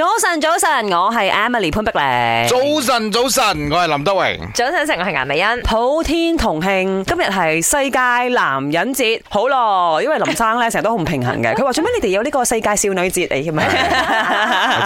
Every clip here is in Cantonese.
早晨，早晨，我係 Emily 潘碧玲。早晨，早晨，我係林德榮。早晨，早晨，我係顏美欣。普天同慶，今日係世界男人節，好咯。因為林生咧成日都好唔平衡嘅，佢話做咩你哋有呢個世界少女節嚟嘅嘛？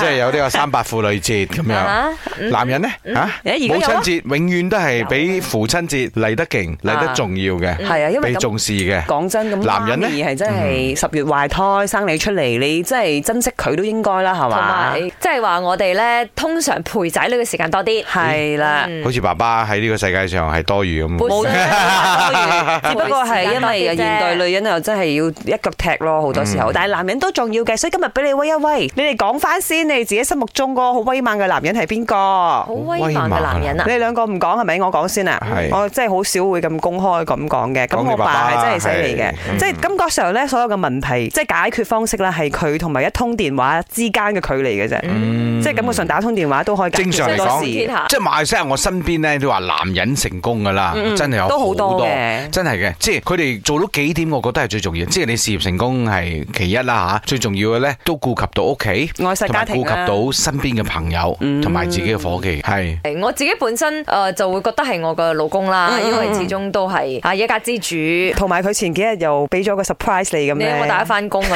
即係有呢個三八婦女節咁樣，男人咧吓母親節永遠都係比父親節嚟得勁、嚟得重要嘅，係啊，因為被重視嘅。講真，咁男人而係真係十月懷胎生你出嚟，你真係珍惜佢都應該啦，係嘛？即係話我哋咧，通常陪仔女嘅時間多啲，係啦，嗯、好似爸爸喺呢個世界上係多餘咁，冇、嗯， 只不過係因為現代女人又 真係要一腳踢咯，好多時候，但係男人都重要嘅，所以今日俾你威一威，你哋講翻先說，你自己心目中個好威猛嘅男人係邊個？好威猛嘅男人啊！你兩個唔講係咪？是是我講先啊！我真係好少會咁公開咁講嘅。咁我爸係真係犀利嘅，即係感覺上咧，所有嘅問題即係、就是、解決方式咧，係佢同埋一通電話之間嘅距離嘅。嗯、即係感覺上打通電話都可以正常嚟講事，即係馬 Sir 我身邊咧都話男人成功噶啦，嗯嗯，真係有多都好多嘅真係嘅，即係佢哋做到幾點，我覺得係最重要。即係你事業成功係其一啦吓，最重要嘅咧都顧及到屋企、外世家庭、啊，顧及，及到身邊嘅朋友同埋、嗯、自己嘅伙計。係我自己本身誒就會覺得係我嘅老公啦，因為始終都係啊一家之主，同埋佢前幾日又俾咗個 surprise 你咁樣，我大家翻工咁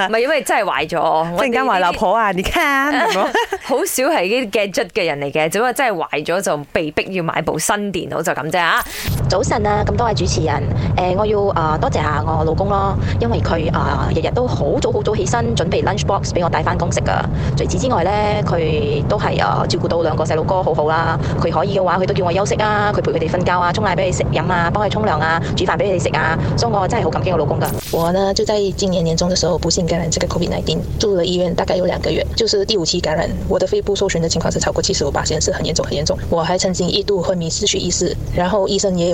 啊，唔 係因為真係壞咗，突然間話老婆啊！你好 少係啲 gadget 嘅人嚟嘅，只不過真係壞咗就被逼要買部新電腦就咁啫啊！早晨啊，咁多位主持人，誒、欸，我要啊、呃、多謝下、啊、我老公咯，因為佢啊日日都好早好早起身準備 lunch box 俾我帶翻工食噶。除此之外咧，佢都係啊、呃、照顧到兩個細路哥好好、啊、啦。佢可以嘅話，佢都叫我休息啊，佢陪佢哋瞓覺啊，沖奶俾佢食飲啊，幫佢沖涼啊，煮飯俾佢哋食啊，所以我真係好感激我老公噶。我呢就在今年年終嘅時候不幸感染這個 COVID-19，住了醫院大概有兩個月，就是第五期感染，我的肺部受損的情況是超過七十五%，其實是很嚴重很嚴重。我還曾經一度昏迷失去意識，然後醫生也。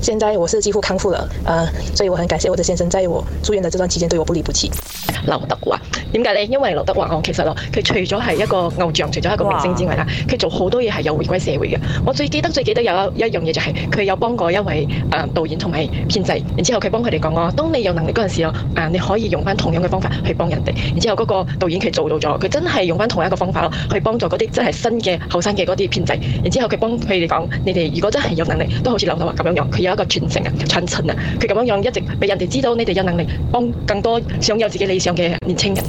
現在我是幾乎康復了，啊、呃，所以我很感謝我的先生，在我住院的這段期間對我不離不棄。劉德華，點解呢？因為劉德華我其實咯，佢除咗係一個偶像，除咗一個明星之外啦，佢做好多嘢係有回歸社會嘅。我最記得最記得有一一樣嘢就係、是、佢有幫過一位誒導演同埋編劇，然之後佢幫佢哋講哦，當你有能力嗰陣時咯，啊你可以用翻同樣嘅方法去幫人哋，然之後嗰個導演佢做到咗，佢真係用翻同一個方法咯去幫助嗰啲真係新嘅後生嘅嗰啲編劇，然之後佢幫佢哋講，你哋如果真係有能力，都好似劉德華咁樣樣，佢有有一個傳承啊，傳承啊，佢咁樣樣一直俾人哋知道，你哋有能力幫更多想有自己理想嘅年青人。